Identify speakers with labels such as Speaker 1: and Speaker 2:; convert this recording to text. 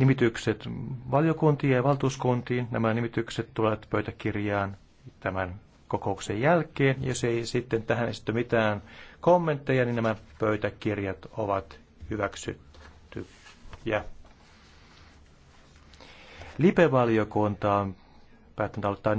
Speaker 1: nimitykset valiokuntiin ja valtuuskuntiin. Nämä nimitykset tulevat pöytäkirjaan tämän kokouksen jälkeen. Jos ei sitten tähän esitä mitään kommentteja, niin nämä pöytäkirjat ovat hyväksyttyjä. Lipevaliokunta on päättänyt aloittaa